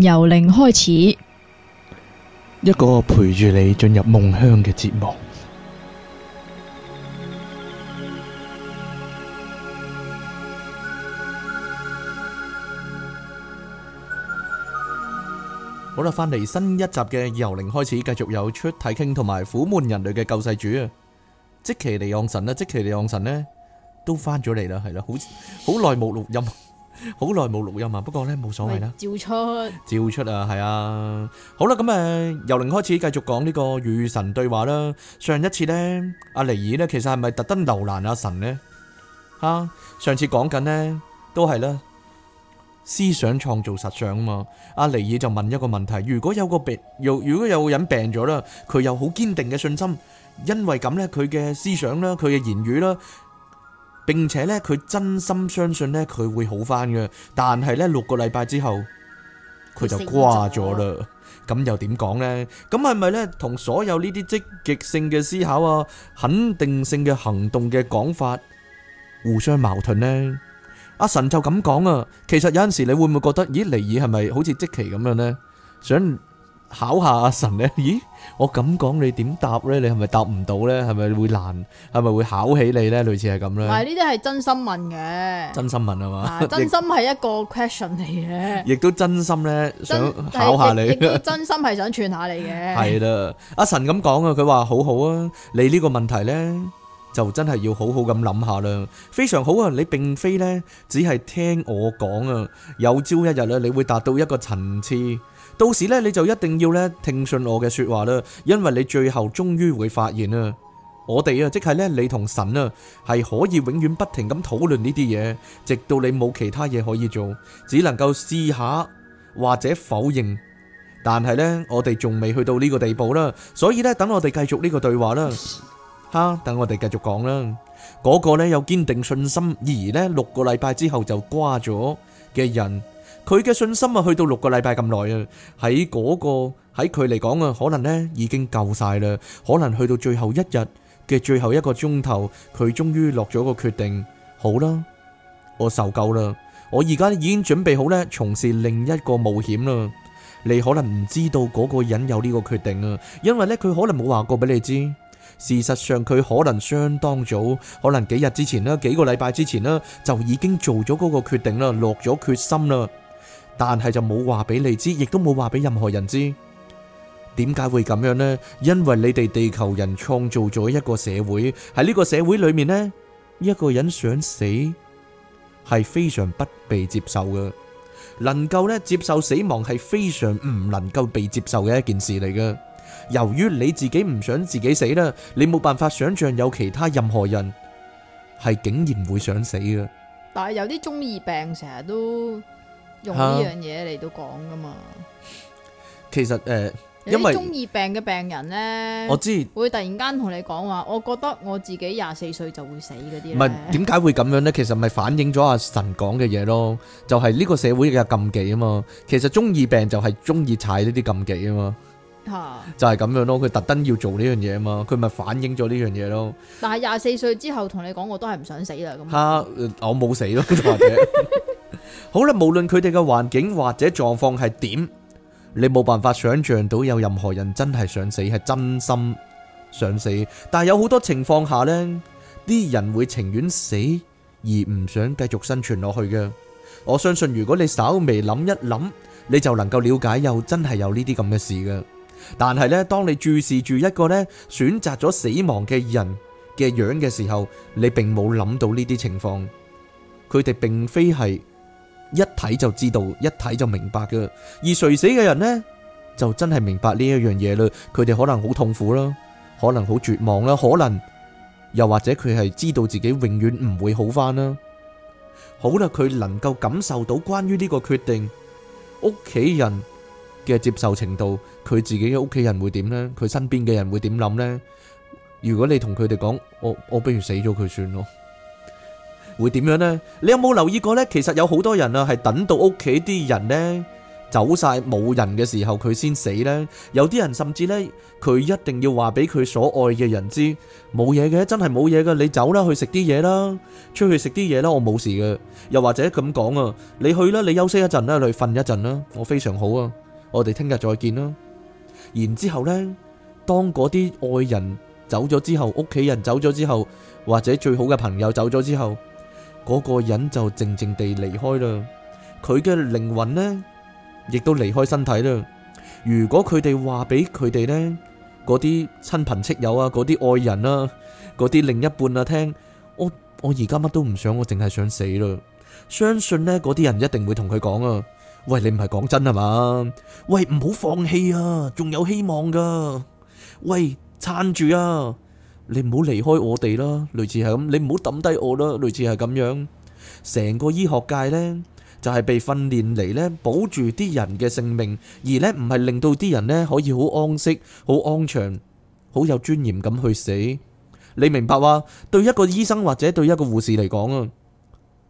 由零開始，一個陪住你進入夢鄉嘅節目。好啦，翻嚟新一集嘅由零開始，繼續有出體傾同埋苦悶人類嘅救世主啊！即其地盎神啦，即其地盎神呢，都翻咗嚟啦，係啦，好好耐冇錄音。好耐冇錄音啊，不過呢，冇所謂啦。照出，照出啊，係啊，好啦，咁、嗯、誒由零開始繼續講呢個與神對話啦。上一次呢，阿、啊、尼爾呢，其實係咪特登留難阿神呢？吓、啊，上次講緊呢，都係啦，思想創造實相嘛。阿、啊、尼爾就問一個問題：如果有個病又，如果有個人病咗啦，佢又好堅定嘅信心，因為咁呢，佢嘅思想啦，佢嘅言語啦。並且咧，佢真心相信咧，佢會好翻嘅。但係咧，六個禮拜之後，佢就掛咗啦。咁又點講呢？咁係咪咧，同所有呢啲積極性嘅思考啊、肯定性嘅行動嘅講法互相矛盾呢？阿神就咁講啊。其實有陣時你會唔會覺得，咦？尼爾係咪好似積奇咁樣呢？想。考下阿神咧？咦，我咁講你點答咧？你係咪答唔到咧？係咪會難？係咪會考起你咧？類似係咁啦。唔係呢啲係真心問嘅、啊，真心問係嘛？真心係一個 question 嚟嘅。亦都真心咧想考下你。真，真心係想串下你嘅。係啦， 阿神咁講啊，佢話好好啊，你呢個問題咧就真係要好好咁諗下啦。非常好啊，你並非咧只係聽我講啊，有朝一日咧你會達到一個層次。到時咧，你就一定要咧聽信我嘅說話啦，因為你最後終於會發現啦，我哋啊，即係咧你同神啊係可以永遠不停咁討論呢啲嘢，直到你冇其他嘢可以做，只能夠試下或者否認。但係咧，我哋仲未去到呢個地步啦，所以咧，等我哋繼續呢個對話啦，哈，等我哋繼續講啦。嗰個咧有堅定信心而咧六個禮拜之後就瓜咗嘅人。佢嘅信心啊，去到六個禮拜咁耐啊，喺嗰個喺佢嚟講啊，可能咧已經夠晒啦，可能去到最後一日嘅最後一個鐘頭，佢終於落咗個決定，好啦，我受夠啦，我而家已經準備好咧從事另一個冒險啦。你可能唔知道嗰個人有呢個決定啊，因為咧佢可能冇話過俾你知，事實上佢可能相當早，可能幾日之前啦，幾個禮拜之前啦，就已經做咗嗰個決定啦，落咗決心啦。但係就冇話俾你知，亦都冇話俾任何人知。點解會咁樣呢？因為你哋地球人創造咗一個社會，喺呢個社會裏面呢，一個人想死係非常不被接受嘅。能夠咧接受死亡係非常唔能夠被接受嘅一件事嚟嘅。由於你自己唔想自己死啦，你冇辦法想象有其他任何人係竟然會想死嘅。但係有啲中二病成日都。用呢樣嘢嚟到講噶嘛？其實誒，有啲中二病嘅病人咧，我知會突然間同你講話，我覺得我自己廿四歲就會死嗰啲。唔係，點解會咁樣咧？其實咪反映咗阿神講嘅嘢咯，就係呢個社會嘅禁忌啊嘛。其實中二病就係中意踩呢啲禁忌啊嘛。吓，就係咁樣咯。佢特登要做呢樣嘢啊嘛，佢咪反映咗呢樣嘢咯。但係廿四歲之後同你講，我都係唔想死啦。咁吓，我冇死咯，或者。好啦，無論佢哋嘅環境或者狀況係點，你冇辦法想象到有任何人真係想死，係真心想死。但係有好多情況下呢啲人會情願死而唔想繼續生存落去嘅。我相信如果你稍微諗一諗，你就能夠了解又真係有呢啲咁嘅事嘅。但係呢，當你注視住一個呢選擇咗死亡嘅人嘅樣嘅時候，你並冇諗到呢啲情況，佢哋並非係。一睇就知道，一睇就明白㗎。而垂死嘅人呢，就真係明白呢一樣嘢啦。佢哋可能好痛苦啦，可能好絕望啦，可能又或者佢係知道自己永遠唔會好翻啦。好啦，佢能夠感受到關於呢個決定，屋企人嘅接受程度，佢自己嘅屋企人會點呢？佢身邊嘅人會點諗呢？如果你同佢哋講，我我不如死咗佢算咯。會點樣呢？你有冇留意過呢？其實有好多人啊，係等到屋企啲人呢走晒冇人嘅時候，佢先死呢。有啲人甚至呢，佢一定要話俾佢所愛嘅人知冇嘢嘅，真係冇嘢嘅。你走啦，去食啲嘢啦，出去食啲嘢啦，我冇事嘅。又或者咁講啊，你去啦，你休息一陣啦，你去瞓一陣啦，我非常好啊。我哋聽日再見啦。然之後呢，當嗰啲愛人走咗之後，屋企人走咗之後，或者最好嘅朋友走咗之後。嗰個人就靜靜地離開啦，佢嘅靈魂呢，亦都離開身體啦。如果佢哋話俾佢哋呢，嗰啲親朋戚友啊，嗰啲愛人啊，嗰啲另一半啊聽，我我而家乜都唔想，我淨係想死啦。相信呢，嗰啲人一定會同佢講啊，喂，你唔係講真係嘛？喂，唔好放棄啊，仲有希望噶。喂，撐住啊！你唔好離開我哋咯，類似係咁，你唔好抌低我咯，類似係咁樣。成個醫學界咧，就係被訓練嚟咧，保住啲人嘅性命，而咧唔係令到啲人咧可以好安息、好安詳、好有尊嚴咁去死。你明白哇？對一個醫生或者對一個護士嚟講啊，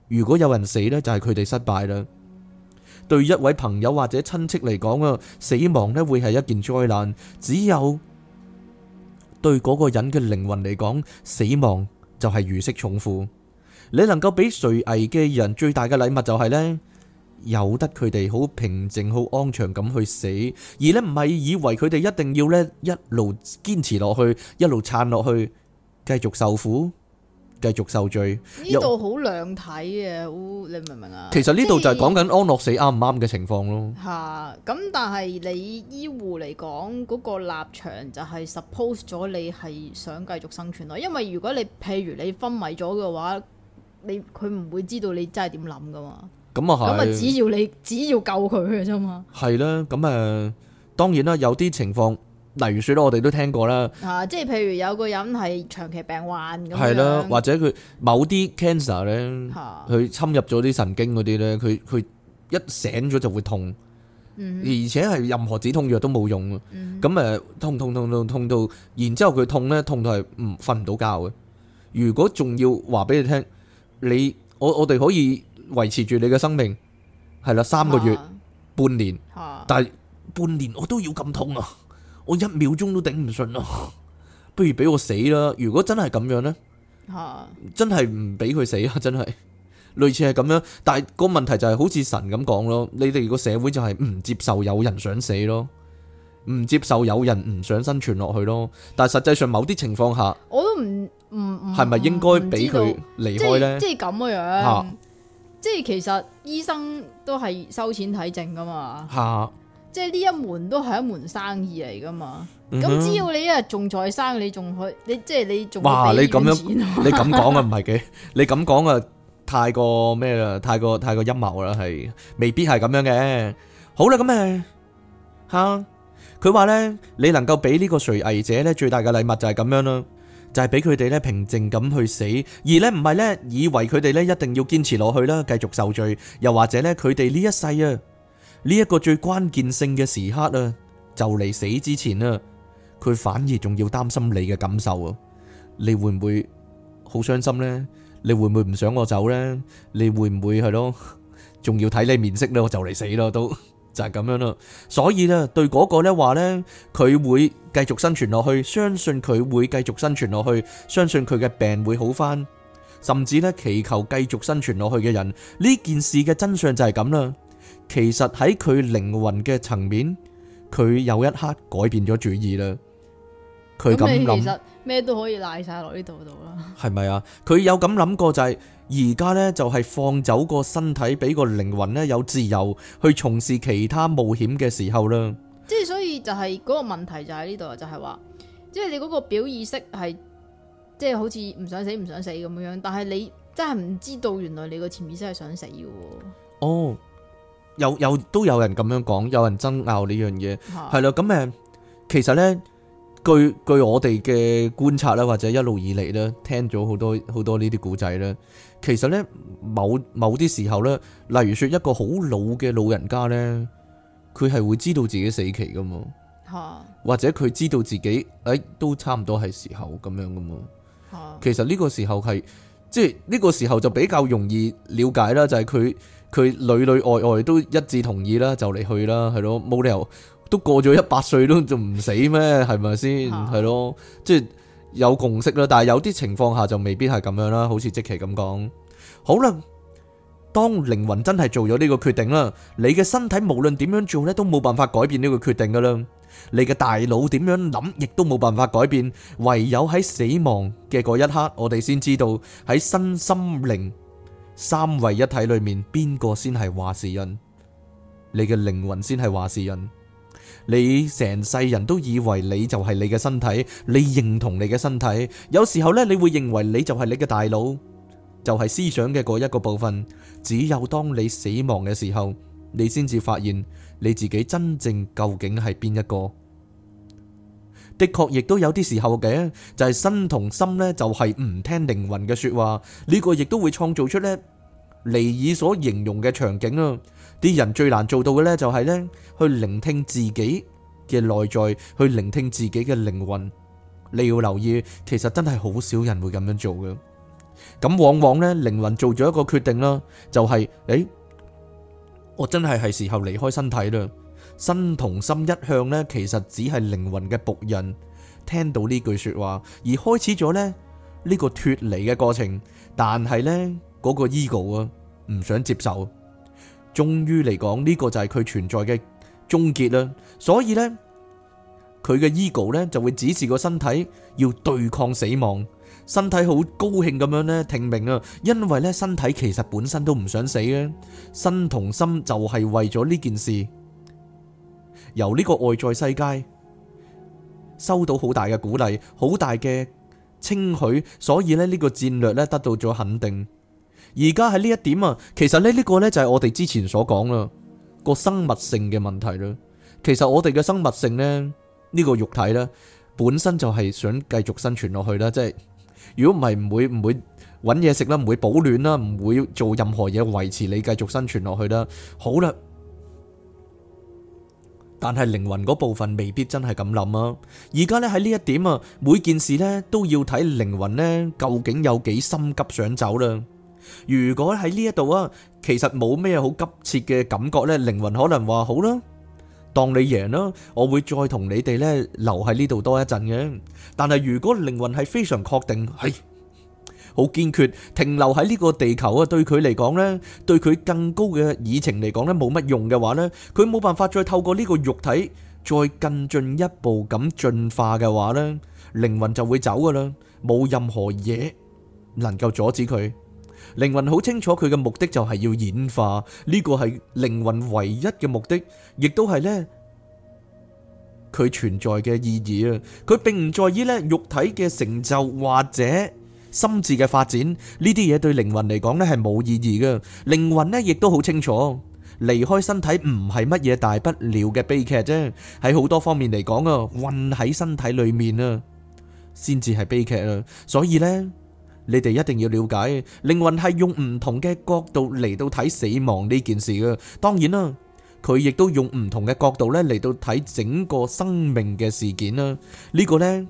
如果有人死咧，就係佢哋失敗啦。對一位朋友或者親戚嚟講啊，死亡咧會係一件災難。只有。對嗰個人嘅靈魂嚟講，死亡就係如釋重負。你能夠俾垂危嘅人最大嘅禮物就係、是、呢：由得佢哋好平靜、好安詳咁去死，而咧唔係以為佢哋一定要呢一路堅持落去，一路撐落去，繼續受苦。繼續受罪呢度好兩體嘅，體有你明唔明啊？其實呢度就係講緊安樂死啱唔啱嘅情況咯。吓，咁但係你醫護嚟講嗰個立場就係 suppose 咗你係想繼續生存咯，因為如果你譬如你昏迷咗嘅話，你佢唔會知道你真係點諗噶嘛。咁啊咁啊，只要你的只要救佢嘅啫嘛。係啦，咁誒、呃，當然啦，有啲情況。例如説咧，我哋都聽過啦，嚇、啊，即係譬如有個人係長期病患咁樣，啦、啊，或者佢某啲 cancer 咧，佢侵入咗啲神經嗰啲咧，佢佢一醒咗就會痛，嗯、哼而且係任何止痛藥都冇用咯，嗯哼，咁誒痛痛痛痛痛到，然之後佢痛咧痛到係唔瞓唔到覺嘅，如果仲要話俾你聽，你我我哋可以維持住你嘅生命，係啦，三個月、啊啊、半年，但係半年我都要咁痛啊！我一秒鐘都頂唔順咯， 不如俾我死啦！如果真係咁樣咧、啊，真係唔俾佢死啊！真係類似係咁樣，但係個問題就係好似神咁講咯，你哋個社會就係唔接受有人想死咯，唔接受有人唔想生存落去咯。但係實際上某啲情況下，我都唔唔係咪應該俾佢離開呢？嗯、即係咁嘅樣，啊、即係其實醫生都係收錢睇症噶嘛。啊即係呢一門都係一門生意嚟噶嘛，咁只要你一日仲在生，你仲去，你即係你仲哇，你咁樣，你咁講啊唔係嘅，你咁講啊太過咩啦，太過太過陰謀啦，係未必係咁樣嘅。好啦，咁啊吓，佢話咧，你能夠俾呢個垂危者咧最大嘅禮物就係咁樣啦，就係俾佢哋咧平靜咁去死，而咧唔係咧以為佢哋咧一定要堅持落去啦，繼續受罪，又或者咧佢哋呢一世啊。呢一個最關鍵性嘅時刻啊，就嚟死之前啊，佢反而仲要擔心你嘅感受啊，你會唔會好傷心呢？你會唔會唔想我走呢？你會唔會係咯？仲要睇你面色咧？我就嚟死咯，都就係咁樣咯。所以咧，對嗰個咧話咧，佢會繼續生存落去，相信佢會繼續生存落去，相信佢嘅病會好翻，甚至咧祈求繼續生存落去嘅人，呢件事嘅真相就係咁啦。其實喺佢靈魂嘅層面，佢有一刻改變咗主意啦。佢咁諗，其實咩都可以賴晒落呢度度啦。係 咪啊？佢有咁諗過，就係而家呢，就係放走個身體，俾個靈魂呢，有自由去從事其他冒險嘅時候啦。即係所以就係嗰個問題就喺呢度，就係話，即係你嗰個表意識係即係好似唔想死唔想死咁樣樣，但係你真係唔知道原來你個潛意識係想死嘅。哦。Oh, 有有都有人咁樣講，有人爭拗呢樣嘢係啦。咁誒、啊，其實呢，據據我哋嘅觀察啦，或者一路以嚟咧，聽咗好多好多呢啲古仔咧，其實呢，某某啲時候呢，例如說一個好老嘅老人家呢，佢係會知道自己死期噶嘛，啊、或者佢知道自己誒、哎、都差唔多係時候咁樣噶嘛。啊、其實呢個時候係即係呢個時候就比較容易了解啦，就係、是、佢。佢裏裏外外都一致同意啦，就嚟去啦，係咯，冇理由都過咗一百歲都仲唔死咩？係咪先？係咯，即係有共識啦。但係有啲情況下就未必係咁樣啦，好似積琪咁講。好啦，當靈魂真係做咗呢個決定啦，你嘅身體無論點樣做呢，都冇辦法改變呢個決定噶啦。你嘅大腦點樣諗，亦都冇辦法改變，唯有喺死亡嘅嗰一刻，我哋先知道喺身心靈。三位一體裏面邊個先係話事人？你嘅靈魂先係話事人。你成世人都以為你就係你嘅身體，你認同你嘅身體。有時候呢，你會認為你就係你嘅大腦，就係、是、思想嘅嗰一個部分。只有當你死亡嘅時候，你先至發現你自己真正究竟係邊一個。的確，亦都有啲時候嘅，就係身同心咧，就係唔聽靈魂嘅說話。呢個亦都會創造出咧尼爾所形容嘅場景啊！啲人最難做到嘅咧，就係咧去聆聽自己嘅內在，去聆聽自己嘅靈魂。你要留意，其實真係好少人會咁樣做嘅。咁往往咧，靈魂做咗一個決定啦，就係誒，我真係係時候離開身體啦。身同心一向咧，其實只係靈魂嘅僕人。聽到呢句說話而開始咗咧呢個脫離嘅過程，但係咧嗰個 ego 啊唔想接受，終於嚟講呢個就係佢存在嘅終結啦。所以咧佢嘅 ego 咧就會指示個身體要對抗死亡，身體好高興咁樣咧聽命啊，因為咧身體其實本身都唔想死啊。身同心就係為咗呢件事。由呢個外在世界收到好大嘅鼓勵，好大嘅稱許，所以咧呢個戰略咧得到咗肯定。而家喺呢一點啊，其實咧呢個呢，就係我哋之前所講啦，個生物性嘅問題啦。其實我哋嘅生物性呢，呢個肉體呢，本身就係想繼續生存落去啦。即係如果唔係唔會唔會揾嘢食啦，唔會保暖啦，唔會做任何嘢維持你繼續生存落去啦。好啦。但係靈魂嗰部分未必真係咁諗啊！而家咧喺呢一點啊，每件事咧都要睇靈魂咧究竟有幾心急想走啦，啊。如果喺呢一度啊，其實冇咩好急切嘅感覺咧，靈魂可能話好啦，當你贏啦，我會再同你哋咧留喺呢度多一陣嘅。但係如果靈魂係非常確定係，哎好堅決停留喺呢個地球啊，對佢嚟講咧，對佢更高嘅議程嚟講咧冇乜用嘅話咧，佢冇辦法再透過呢個肉體再更進一步咁進化嘅話咧，靈魂就會走噶啦，冇任何嘢能夠阻止佢。靈魂好清楚佢嘅目的就係要演化，呢個係靈魂唯一嘅目的，亦都係咧佢存在嘅意義啊！佢並唔在意咧肉體嘅成就或者，心智嘅發展呢啲嘢對靈魂嚟講呢係冇意義㗎，靈魂呢亦都好清楚，離開身體唔係乜嘢大不了嘅悲劇啫。喺好多方面嚟講啊，混喺身體裏面啊，先至係悲劇啊。所以呢，你哋一定要了解，靈魂係用唔同嘅角度嚟到睇死亡呢件事㗎。當然啦，佢亦都用唔同嘅角度呢嚟到睇整個生命嘅事件啦。呢、這個呢。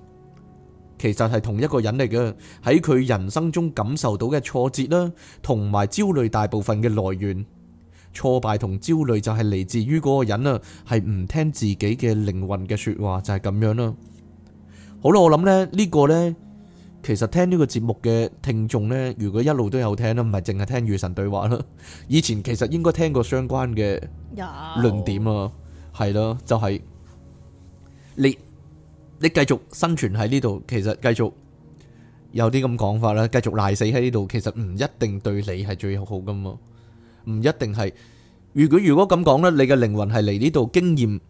其實係同一個人嚟嘅，喺佢人生中感受到嘅挫折啦，同埋焦慮大部分嘅來源，挫敗同焦慮就係嚟自於嗰個人啊，係唔聽自己嘅靈魂嘅說話就係咁樣啦。好啦，我諗呢呢個呢，其實聽呢個節目嘅聽眾呢，如果一路都有聽啦，唔係淨係聽與神對話啦，以前其實應該聽過相關嘅論點啊，係咯，就係你。你繼續生存喺呢度，其實繼續有啲咁講法啦。繼續賴死喺呢度，其實唔一定對你係最好噶嘛，唔一定係。如果如果咁講咧，你嘅靈魂係嚟呢度經驗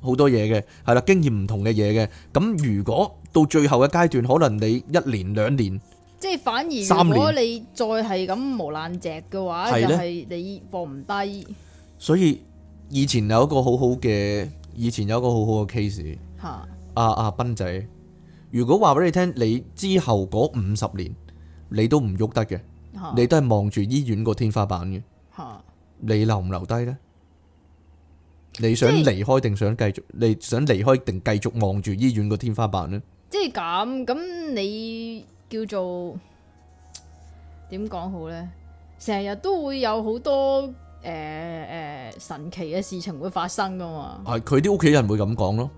好多嘢嘅，係啦，經驗唔同嘅嘢嘅。咁如果到最後嘅階段，可能你一年兩年，即係反而如果你再係咁磨爛只嘅話，就係你放唔低。所以以前有一個好好嘅，以前有一個好好嘅 case。啊！阿斌仔，如果話俾你聽，你之後嗰五十年你都唔喐得嘅，你都係望住醫院個天花板嘅。啊、你留唔留低呢？你想離開定想繼續？是你想離開定繼續望住醫院個天花板呢？即係咁咁，你叫做點講好呢？成日都會有好多誒誒、呃呃、神奇嘅事情會發生噶嘛？係佢啲屋企人會咁講咯。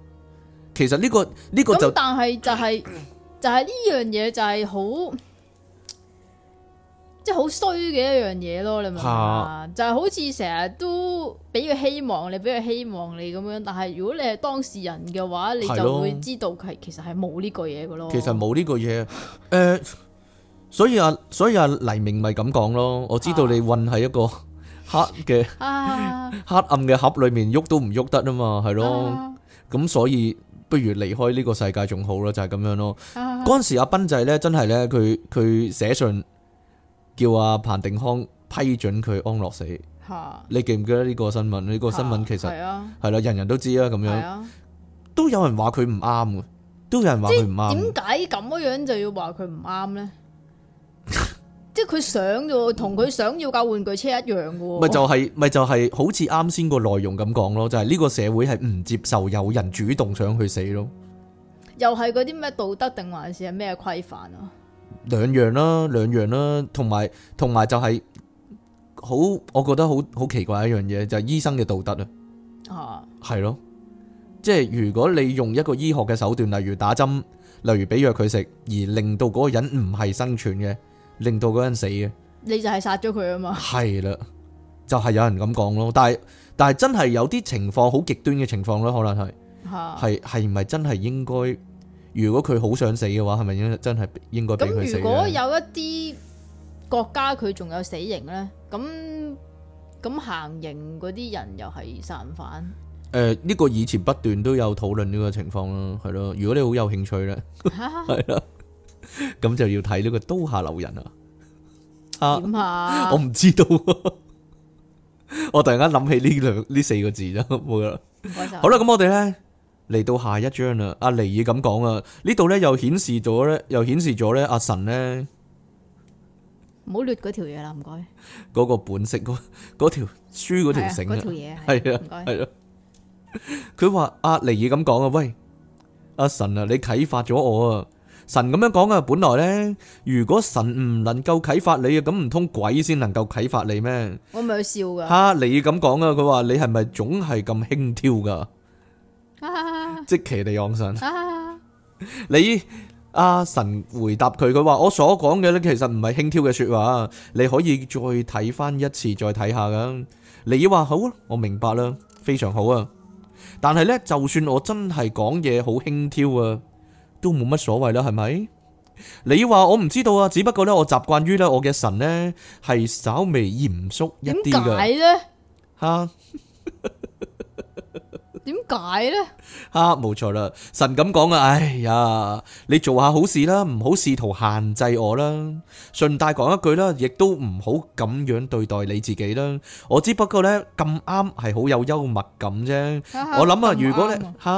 其實呢個呢個就咁，但係就係就係呢樣嘢就係好即係好衰嘅一樣嘢咯。你明嘛？就係好似成日都俾佢希望你，俾佢希望你咁樣。但係如果你係當事人嘅話，你就會知道係其實係冇呢個嘢㗎咯。其實冇呢個嘢誒，所以啊，所以啊，黎明咪咁講咯。我知道你混喺一個黑嘅黑暗嘅盒裏面，喐都唔喐得啊嘛，係咯。咁所以。不如離開呢個世界仲好咯，就係、是、咁樣咯。嗰陣 時阿斌仔咧，真係咧，佢佢寫信叫阿彭定康批准佢安樂死。嚇！ 你記唔記得呢個新聞？呢、這個新聞其實係啦、 啊，人人都知啦，咁樣、啊、都有人話佢唔啱嘅，都有人話佢唔啱。點解咁樣就要話佢唔啱咧？即係佢想，同佢想要架玩具車一樣嘅，咪就係咪就係好似啱先個內容咁講咯，就係呢個社會係唔接受有人主動想去死咯。又係嗰啲咩道德定還是係咩規範啊？兩樣啦，兩樣啦，同埋同埋就係好，我覺得好好奇怪一樣嘢就係醫生嘅道德啊。哦，係咯，即係如果你用一個醫學嘅手段，例如打針，例如俾藥佢食，而令到嗰個人唔係生存嘅。令到嗰人死嘅，你就係殺咗佢啊嘛？係啦，就係、是、有人咁講咯。但係但係真係有啲情況好極端嘅情況咯，可能係係係唔係真係應該？如果佢好想死嘅話，係咪應真係應該俾佢死？如果有一啲國家佢仲有死刑咧，咁咁行刑嗰啲人又係殺人犯？誒、呃，呢、這個以前不斷都有討論呢個情況咯，係咯。如果你好有興趣咧，係啦、啊。 咁就要睇呢個刀下留人啊！點啊？我唔知道， 我突然間諗起呢兩呢四個字啦，好啦，咁我哋咧嚟到下一章啦。阿尼爾咁講啊，呢度咧又顯示咗咧，又顯示咗咧，阿、啊、神咧，唔好略嗰條嘢啦，唔該。嗰個本色，嗰嗰條書，嗰條繩，嗰條嘢，係啊，係咯。佢話阿尼爾咁講啊，喂，阿、啊、神啊，你啟發咗我啊。神咁樣講啊，本來呢，如果神唔能夠啟發你啊，咁唔通鬼先能夠啟發你咩？我咪去笑噶。吓，你咁講啊？佢話你係咪總係咁輕佻噶？即奇地阿神， 你阿、啊、神回答佢，佢話我所講嘅咧，其實唔係輕佻嘅說話，你可以再睇翻一次，再睇下噶。你話好啊？我明白啦，非常好啊。但係呢，就算我真係講嘢好輕佻啊。都冇乜所謂啦，係咪？你話，我唔知道啊，只不過咧，我習慣於咧，我嘅神咧係稍微嚴肅一啲嘅。點解咧？吓。 點解呢？吓、啊，冇錯啦，神咁講啊，哎呀，你做下好事啦，唔好試圖限制我啦，順帶講一句啦，亦都唔好咁樣對待你自己啦。我只不過呢，咁啱係好有幽默感啫。啊啊、我諗啊，如果呢吓，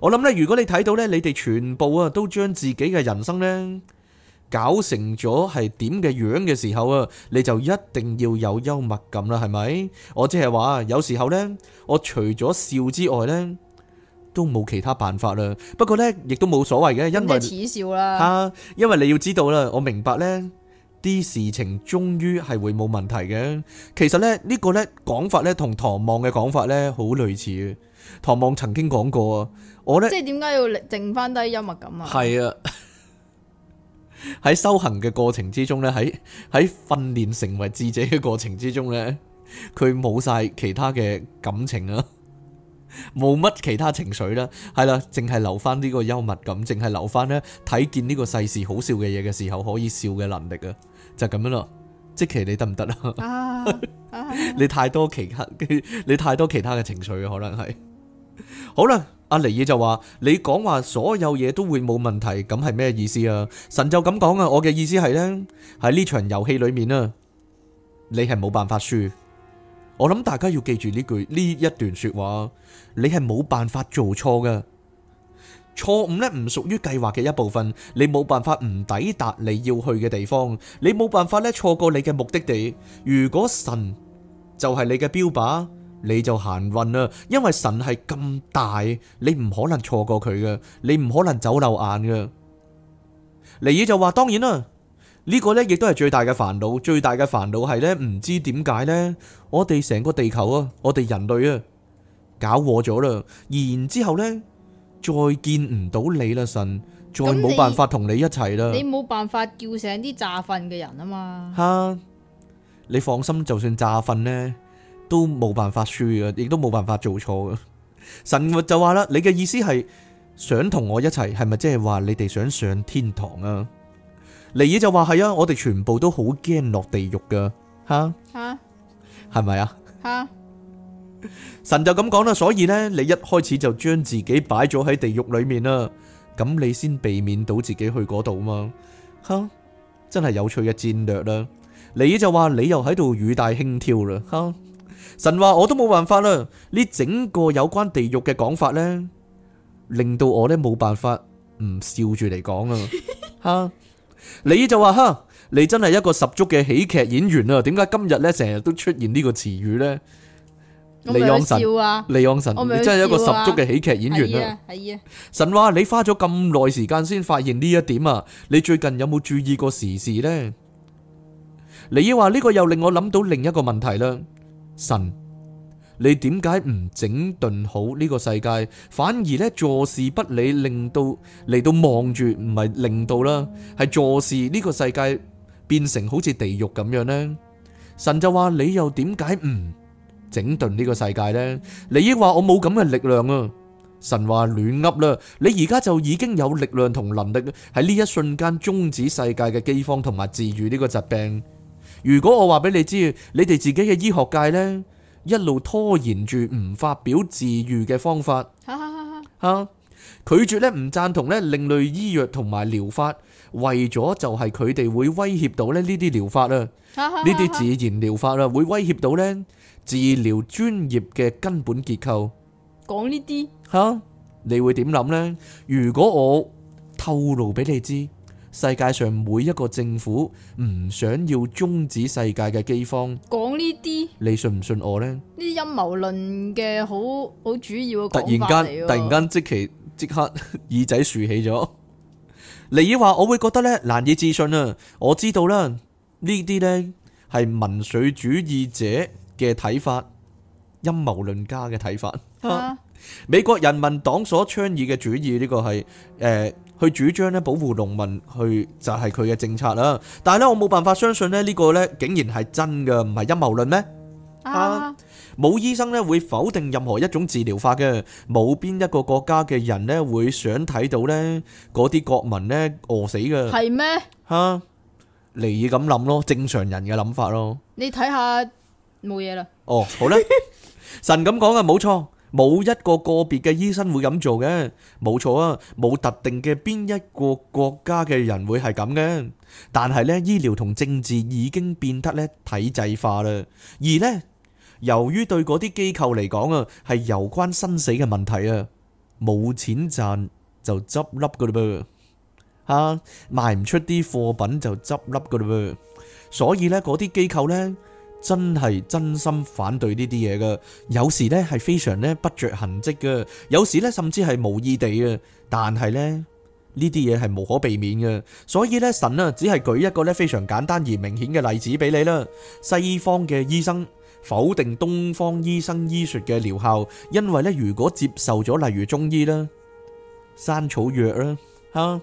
我諗呢、啊，如果你睇到呢，啊、你哋全部啊都將自己嘅人生呢。搞成咗係點嘅樣嘅時候啊，你就一定要有幽默感啦，係咪？我即係話，有時候咧，我除咗笑之外咧，都冇其他辦法啦。不過咧，亦都冇所謂嘅，因為恥笑啦。吓，因為你要知道啦，我明白咧，啲事情終於係會冇問題嘅。其實咧，呢個咧講法咧，同唐望嘅講法咧，好類似嘅。唐望曾經講過啊，我咧即係點解要剩翻低幽默感啊？係啊。喺修行嘅過程之中咧，喺喺訓練成為智者嘅過程之中咧，佢冇晒其他嘅感情啊，冇乜其他情緒啦，係啦，淨係留翻呢個幽默感，淨係留翻咧睇見呢個世事好笑嘅嘢嘅時候可以笑嘅能力，就是，啊，就咁樣咯。即其你得唔得啊？ 你太多其他，你太多其他嘅情緒可能係，好啦。阿尼爾就話：你講，話所有嘢,都會冇問題，咁係咩意思啊？神就咁講啊，我嘅意思係呢，喺呢場遊戲裏面啊，你係冇辦法輸。我諗大家要記住呢句呢一段說話，你係冇辦法做錯㗎。錯誤咧唔屬於計劃嘅一部分，你冇辦法唔抵達你要去嘅地方，你冇辦法咧錯過你嘅目的地。如果神就係你嘅標靶。你就行運啦，因為神係咁大，你唔可能錯過佢噶，你唔可能走漏眼噶。尼爾就話：當然啦，呢個呢亦都係最大嘅煩惱。最大嘅煩惱係呢，唔知點解呢，我哋成個地球啊，我哋人類啊，搞禍咗啦。然之後咧，再見唔到你啦，神，再冇辦法同你一齊啦。你冇辦法叫醒啲詐瞓嘅人啊嘛？吓，你放心，就算詐瞓呢。」都冇辦法輸嘅，亦都冇辦法做錯嘅。神就話啦：你嘅意思係想同我一齊，係咪即係話你哋想上天堂啊？啊尼爾就話，係啊，我哋全部都好驚落地獄噶吓吓，係咪啊？吓，神就咁講啦。所以呢，你一開始就將自己擺咗喺地獄裏面啦，咁你先避免到自己去嗰度嘛？吓、啊，真係有趣嘅戰略啦、啊。尼爾就話，你又喺度語帶輕佻啦，吓、啊。神話我都冇辦法啦，呢整個有關地獄嘅講法呢，令到我呢冇辦法唔笑住嚟講啊！吓， 你就話吓，你真係一個十足嘅喜劇演員啊！點解今日呢成日都出現呢個詞語呢？啊、李安神啊，李安神，你真係一個十足嘅喜劇演員啊！啊啊啊神話你花咗咁耐時間先發現呢一點啊！你最近有冇注意過時事呢？你話呢個又令我諗到另一個問題啦。神，你點解唔整頓好呢個世界，反而呢坐視不理，令到嚟到望住唔係令到啦，係坐視呢個世界變成好似地獄咁樣呢？神就話，你又點解唔整頓呢個世界呢？你亦話，我冇咁嘅力量啊？神話，亂噏啦，你而家就已經有力量同能力喺呢一瞬間終止世界嘅饑荒同埋治愈呢個疾病。如果我話俾你知，你哋自己嘅醫學界咧，一路拖延住唔發表治愈嘅方法，吓，拒絕咧唔贊同咧另類醫藥同埋療法，為咗就係佢哋會威脅到咧呢啲療法啊，呢啲自然療法啦，會威脅到咧治療專業嘅根本結構。講呢啲吓，你會點諗咧？如果我透露俾你知？世界上每一個政府唔想要終止世界嘅飢荒，講呢啲，你信唔信我呢？呢啲陰謀論嘅好好主要嘅講法嚟，突然間，突然間即其即刻耳仔豎起咗。尼爾話：我會覺得呢難以置信啊！我知道啦，呢啲呢係民粹主義者嘅睇法，陰謀論家嘅睇法。哈 美國人民黨所倡議嘅主義呢個係誒。呃去主張咧保護農民，去就係佢嘅政策啦。但係咧，我冇辦法相信咧呢個咧竟然係真嘅，唔係陰謀論咩？啊！冇醫生咧會否定任何一種治療法嘅，冇邊一個國家嘅人咧會想睇到咧嗰啲國民咧餓死嘅。係咩？吓，嚟嘢咁諗咯，正常人嘅諗法咯。你睇下冇嘢啦。哦，好啦，神咁講嘅冇錯。冇一個個別嘅醫生會咁做嘅，冇錯啊！冇特定嘅邊一個國家嘅人會係咁嘅。但係呢，醫療同政治已經變得咧體制化啦。而呢，由於對嗰啲機構嚟講啊，係有關生死嘅問題啊，冇錢賺就執笠噶啦噃，啊，賣唔出啲貨品就執笠噶啦噃。所以呢，嗰啲機構呢。真係真心反對呢啲嘢噶，有時呢係非常呢不着痕跡噶，有時呢甚至係無意地啊。但係呢，呢啲嘢係無可避免嘅，所以呢，神啊只係舉一個呢非常簡單而明顯嘅例子俾你啦。西方嘅醫生否定東方醫生醫術嘅療效，因為呢，如果接受咗例如中醫啦、山草藥啦，吓，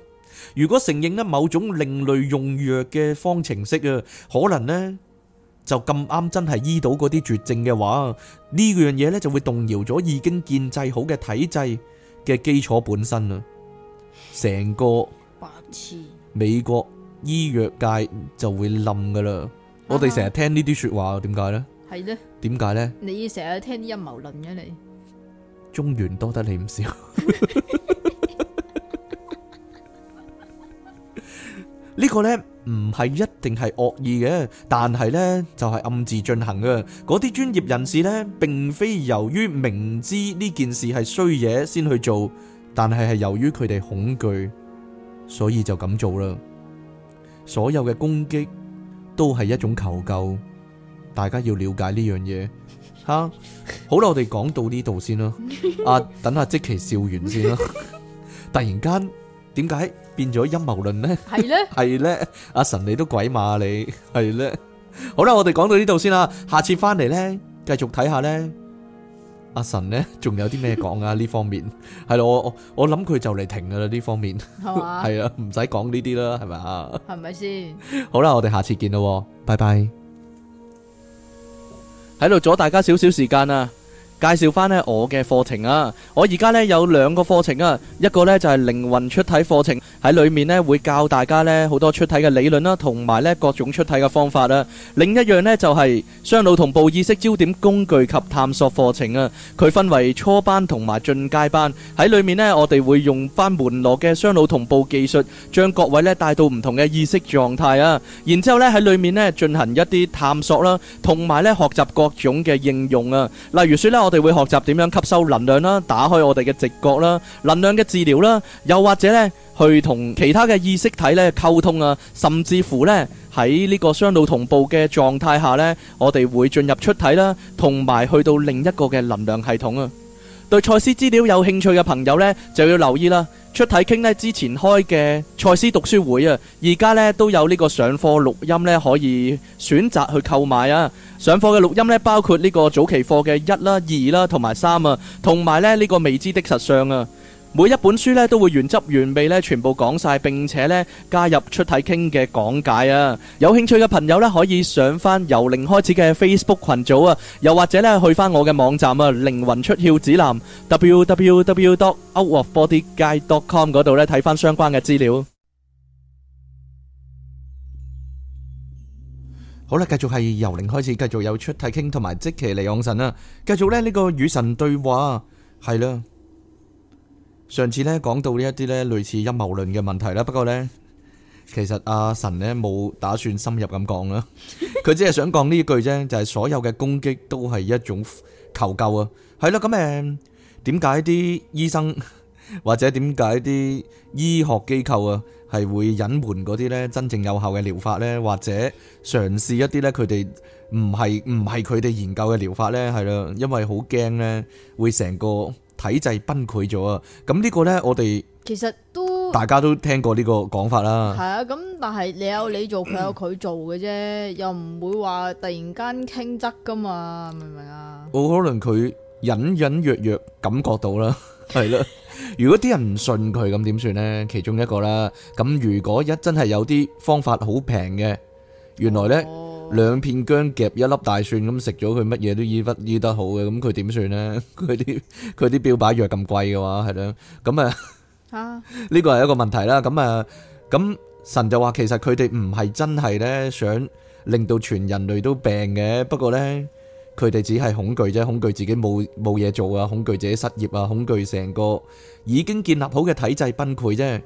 如果承認呢某種另類用藥嘅方程式啊，可能呢。就咁啱真係醫到嗰啲絕症嘅話，呢樣嘢咧就會動搖咗已經建制好嘅體制嘅基礎本身啦，成個白痴美國醫藥界就會冧噶啦。我哋成日聽呢啲說話，點解咧？係咧？點解咧？你成日聽啲陰謀論嘅你，中原多得你唔少。呢個呢唔係一定係惡意嘅，但係呢就係暗自進行嘅。嗰啲專業人士呢，並非由於明知呢件事係衰嘢先去做，但係係由於佢哋恐懼，所以就咁做啦。所有嘅攻擊都係一種求救，大家要了解呢樣嘢。吓，好啦，我哋講到呢度先啦。啊，等下即其笑完先啦。突然間。點解變咗陰謀論咧？係咧，係咧，阿神你都鬼馬你係咧。好啦，我哋講到呢度先啦。下次翻嚟咧，繼續睇下咧。阿神咧，仲有啲咩講啊？呢方面係咯，我我我諗佢就嚟停噶啦。呢方面係啊，唔使講呢啲啦，係咪？係咪先？好啦，我哋下次見啦。拜拜。喺度阻大家少少時間啊！介紹翻咧我嘅課程啊！我而家咧有兩個課程啊，一個咧就係靈魂出體課程。喺裏面咧會教大家咧好多出體嘅理論啦，同埋咧各種出體嘅方法啦。另一樣咧就係雙腦同步意識焦點工具及探索課程啊。佢分為初班同埋進階班。喺裏面咧我哋會用翻門羅嘅雙腦同步技術，將各位咧帶到唔同嘅意識狀態啊。然之後咧喺裏面咧進行一啲探索啦，同埋咧學習各種嘅應用啊。例如說咧我哋會學習點樣吸收能量啦，打開我哋嘅直覺啦，能量嘅治療啦，又或者咧去同其他嘅意識體咧溝通啊，甚至乎呢，喺呢個雙腦同步嘅狀態下呢，我哋會進入出體啦，同埋去到另一個嘅能量系統啊。對賽斯資料有興趣嘅朋友呢，就要留意啦。出體傾呢之前開嘅賽斯讀書會啊，而家呢都有呢個上課錄音呢，可以選擇去購買啊。上課嘅錄音呢，包括呢個早期課嘅一啦、二啦同埋三啊，同埋呢呢個未知的實相啊。每一本書咧都會原汁原味咧全部講晒，並且咧加入出體傾嘅講解啊！有興趣嘅朋友咧可以上翻由零開始嘅 Facebook 群組啊，又或者咧去翻我嘅網站啊，靈魂出竅指南 www.outofbodyguide.com 嗰度咧睇翻相關嘅資料。好啦，繼續係由零開始，繼續有出體傾同埋即其嚟往神啊！繼續咧呢、這個與神對話，係啦。上次咧講到呢一啲咧類似陰謀論嘅問題啦，不過咧其實阿神咧冇打算深入咁講啦，佢 只係想講呢一句啫，就係、是、所有嘅攻擊都係一種求救啊，係啦，咁誒點解啲醫生或者點解啲醫學機構啊係會隱瞞嗰啲咧真正有效嘅療法咧，或者嘗試一啲咧佢哋唔係唔係佢哋研究嘅療法咧，係啦，因為好驚咧會成個體制崩潰咗啊！咁呢個呢，我哋其實都大家都聽過呢個講法啦。係啊，咁但係你有你做，佢有佢做嘅啫， 又唔會話突然間傾側噶嘛，明唔明啊？我可能佢隱隱約約感覺到啦，係 啦、啊。如果啲人唔信佢，咁點算呢？其中一個啦。咁如果一真係有啲方法好平嘅，原來呢。哦兩片薑夾一粒大蒜咁食咗佢，乜嘢都醫得醫得好嘅，咁佢點算呢？佢啲佢啲標靶藥咁貴嘅話，係咯？咁、嗯、啊，呢個係一個問題啦。咁、嗯、啊，咁、嗯、神就話，其實佢哋唔係真係咧想令到全人類都病嘅，不過咧佢哋只係恐懼啫，恐懼自己冇冇嘢做啊，恐懼自己失業啊，恐懼成個已經建立好嘅體制崩潰啫。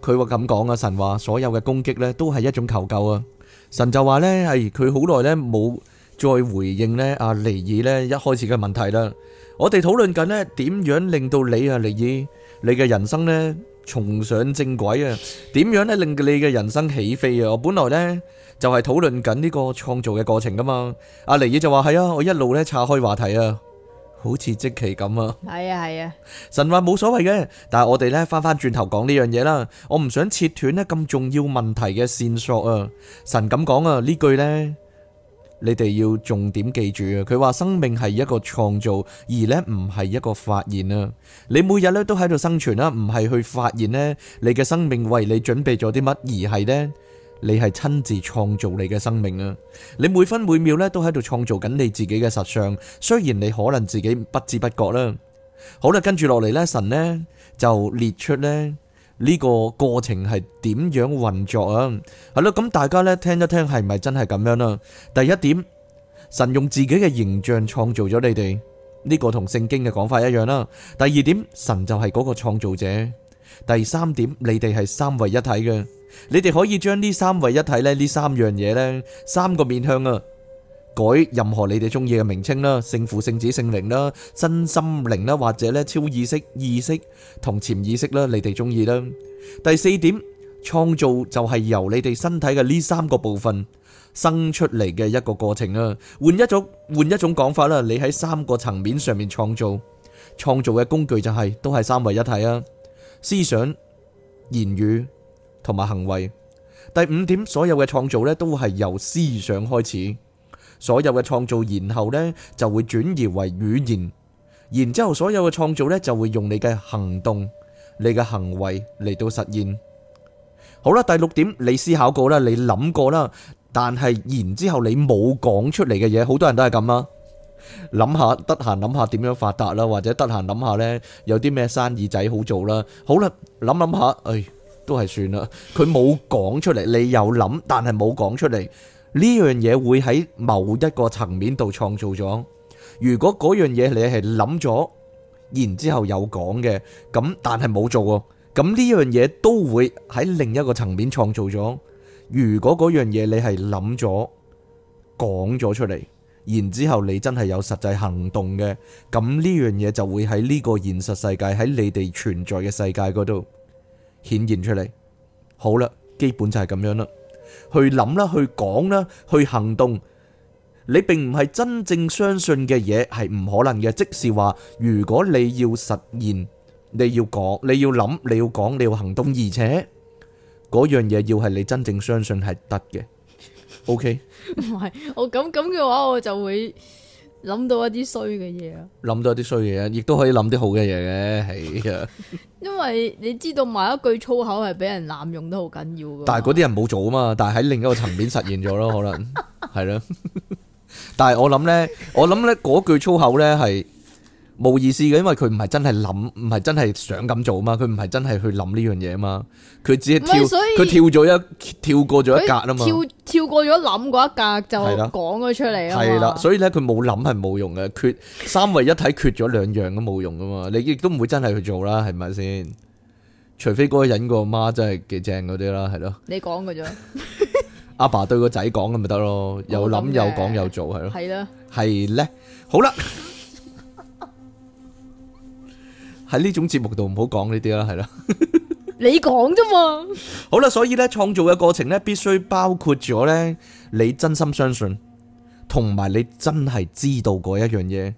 佢話咁講啊，神話所有嘅攻擊咧都係一種求救啊。神就話咧，係佢好耐咧冇再回應咧、啊、阿尼爾咧一開始嘅問題啦。我哋討論緊咧點樣令到你啊尼爾你嘅人生咧重上正軌啊？點樣咧令到你嘅人生起飛啊？我本來咧就係討論緊呢個創造嘅過程噶、啊、嘛。阿尼爾就話係啊，我一路咧岔開話題啊。好似即期咁啊！係啊係啊，神話冇所謂嘅，但係我哋咧翻翻轉頭講呢樣嘢啦，我唔想切斷咧咁重要問題嘅線索啊！神咁講啊，呢句咧你哋要重點記住啊！佢話生命係一個創造，而咧唔係一個發現啊！你每日咧都喺度生存啦，唔係去發現咧你嘅生命為你準備咗啲乜，而係咧。你係親自創造你嘅生命啊！你每分每秒呢都喺度創造緊你自己嘅實相，雖然你可能自己不知不覺啦。好啦，跟住落嚟呢，神呢就列出呢呢個過程係點樣運作啊？係咯，咁大家呢聽一聽係咪真係咁樣啦？第一點，神用自己嘅形象創造咗你哋，呢個同聖經嘅講法一樣啦。第二點，神就係嗰個創造者。第三點，你哋係三位一體嘅，你哋可以將呢三位一體咧，呢三樣嘢咧，三個面向啊，改任何你哋中意嘅名稱啦，聖父、聖子、聖靈啦，身心靈啦，或者咧超意識、意識同潛意識啦，你哋中意啦。第四點，創造就係由你哋身體嘅呢三個部分生出嚟嘅一個過程啊。換一種，換一種講法啦，你喺三個層面上面創造，創造嘅工具就係都係三位一體啊。思想、言語同埋行為。第五點，所有嘅創造咧都係由思想開始，所有嘅創造，然後咧就會轉移為語言，然之後所有嘅創造咧就會用你嘅行動、你嘅行為嚟到實現。好啦，第六點，你思考過啦，你諗過啦，但係然之後你冇講出嚟嘅嘢，好多人都係咁啊。諗下，得閒諗下點樣發達啦，或者得閒諗下咧，有啲咩生意仔好做啦。好啦，諗諗下，哎，都係算啦。佢冇講出嚟，你又諗，但係冇講出嚟，呢樣嘢會喺某一個層面度創造咗。如果嗰樣嘢你係諗咗，然之後有講嘅，咁但係冇做，咁呢樣嘢都會喺另一個層面創造咗。如果嗰樣嘢你係諗咗，講咗出嚟。然之後，你真係有實際行動嘅，咁呢樣嘢就會喺呢個現實世界，喺你哋存在嘅世界嗰度顯現出嚟。好啦，基本就係咁樣啦，去諗啦，去講啦，去行動。你並唔係真正相信嘅嘢係唔可能嘅，即是話，如果你要實現，你要講，你要諗，你要講，你要行動，而且嗰樣嘢要係你真正相信係得嘅。O K，唔係我咁咁嘅話，我就會諗到一啲衰嘅嘢啊，諗到一啲衰嘢，亦都可以諗啲好嘅嘢嘅，係噶。 因為你知道埋一句粗口係俾人濫用都好緊要噶，但係嗰啲人冇做啊嘛，但係喺另一個層面實現咗咯， 可能係咯。 但係我諗咧，我諗咧嗰句粗口咧係。冇意思嘅，因為佢唔係真係諗，唔係真係想咁做嘛，佢唔係真係去諗呢樣嘢嘛，佢只係跳，佢跳咗一跳過咗一格啊嘛，跳跳過咗諗嗰一格就係講佢出嚟啊嘛，係啦，所以咧佢冇諗係冇用嘅，缺三位一體缺咗兩樣都冇用噶嘛，你亦都唔會真係去做啦，係咪先？除非嗰個人個媽真係幾正嗰啲啦，係咯。你講嘅啫，阿 爸，爸對個仔講咁咪得咯，有諗有講有做係咯，係啦，係咧的，好啦。 喺呢種節目度唔 好講呢啲啦，係啦，你講啫嘛。好啦，所以呢，創造嘅過程呢，必須包括咗呢：你真心相信，同埋你真係知道嗰一樣嘢。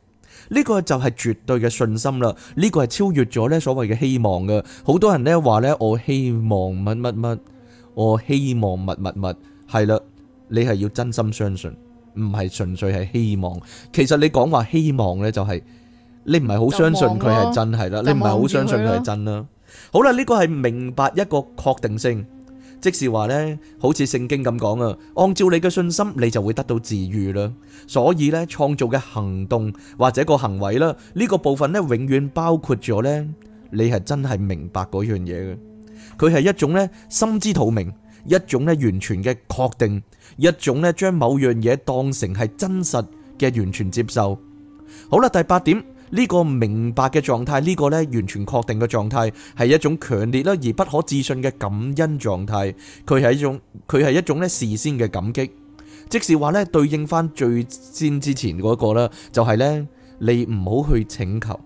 呢個就係絕對嘅信心啦。呢個係超越咗呢所謂嘅希望嘅。好多人呢話呢：「我希望乜乜乜，我希望乜乜乜」，係啦，你係要真心相信，唔係純粹係希望。其實你講話希望呢，就係。你唔係好相信佢係真係啦，你唔係好相信佢係真啦。好啦，呢個係明白一個確定性，即是話呢，好似聖經咁講啊，按照你嘅信心，你就會得到治癒啦。所以呢，創造嘅行動或者個行為啦，呢個部分呢，永遠包括咗呢，你係真係明白嗰樣嘢嘅。佢係一種呢心知肚明，一種呢完全嘅確定，一種呢將某樣嘢當成係真實嘅完全接受。好啦，第八點。呢個明白嘅狀態，呢、呢個咧完全確定嘅狀態，係一種強烈啦而不可置信嘅感恩狀態。佢係一種佢係一種咧事先嘅感激，即是話咧對應翻最先之前嗰個啦，就係、是、咧你唔好去請求，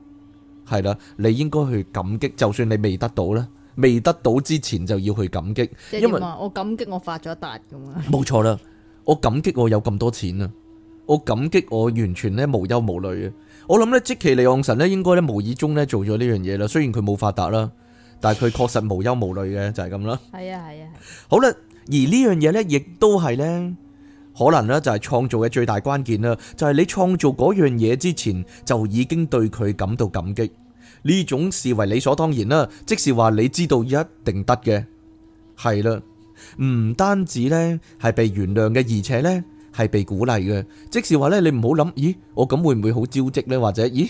係啦，你應該去感激，就算你未得到啦，未得到之前就要去感激，因為我感激我發咗達咁冇 錯啦，我感激我有咁多錢啊，我感激我完全咧無憂無慮啊。我諗咧，即其利往神咧，應該咧無意中咧做咗呢樣嘢啦。雖然佢冇發達啦，但係佢確實無憂無慮嘅，就係咁啦。係啊，係啊。好啦，而呢樣嘢咧，亦都係咧，可能咧就係創造嘅最大關鍵啦。就係、是、你創造嗰樣嘢之前，就已經對佢感到感激。呢種視為理所當然啦，即是話你知道一定得嘅，係啦。唔單止咧係被原諒嘅，而且咧。係被鼓勵嘅，即係話咧，你唔好諗，咦，我咁會唔會好招積呢？或者，咦，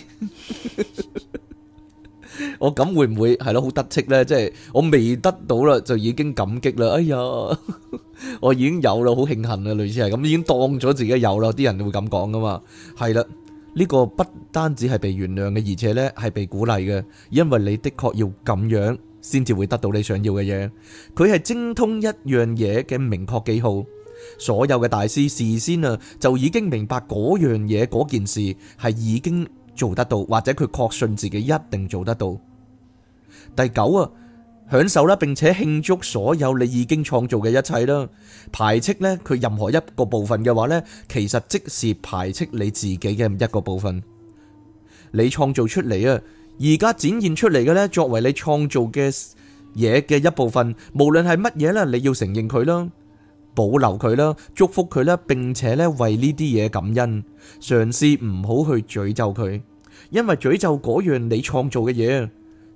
我咁會唔會係咯好得戚呢？即係我未得到啦，就已經感激啦。哎呀，我已經有啦，好慶幸啊，類似係咁，已經當咗自己有啦。啲人會咁講噶嘛？係啦，呢個不單止係被原諒嘅，而且呢係被鼓勵嘅，因為你的確要咁樣先至會得到你想要嘅嘢。佢係精通一樣嘢嘅明確記號。所有嘅大師事先啊就已經明白嗰樣嘢嗰件事係已經做得到，或者佢確信自己一定做得到。第九啊，享受啦，並且慶祝所有你已經創造嘅一切啦。排斥呢，佢任何一個部分嘅話呢，其實即是排斥你自己嘅一個部分。你創造出嚟啊，而家展現出嚟嘅呢，作為你創造嘅嘢嘅一部分，無論係乜嘢啦，你要承認佢啦。保留佢啦，祝福佢啦，並且咧為呢啲嘢感恩，嘗試唔好去詛咒佢，因為詛咒嗰樣你創造嘅嘢，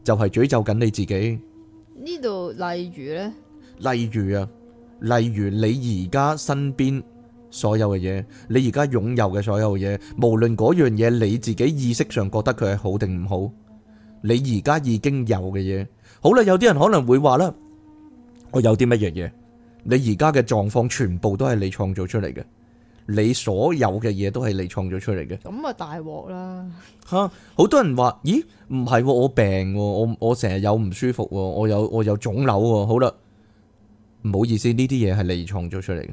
就係詛咒緊你自己。呢度例如咧？例如啊，例如你而家身邊所有嘅嘢，你而家擁有嘅所有嘢，無論嗰樣嘢你自己意識上覺得佢係好定唔好，你而家已經有嘅嘢，好啦，有啲人可能會話啦，我有啲乜嘢嘢？你而家嘅狀況全部都係你創造出嚟嘅，你所有嘅嘢都係你創造出嚟嘅。咁啊大鑊啦！吓，好多人話：咦，唔係喎，我病喎，我我成日有唔舒服喎，我有我有腫瘤喎。好啦，唔好意思，呢啲嘢係你創造出嚟嘅。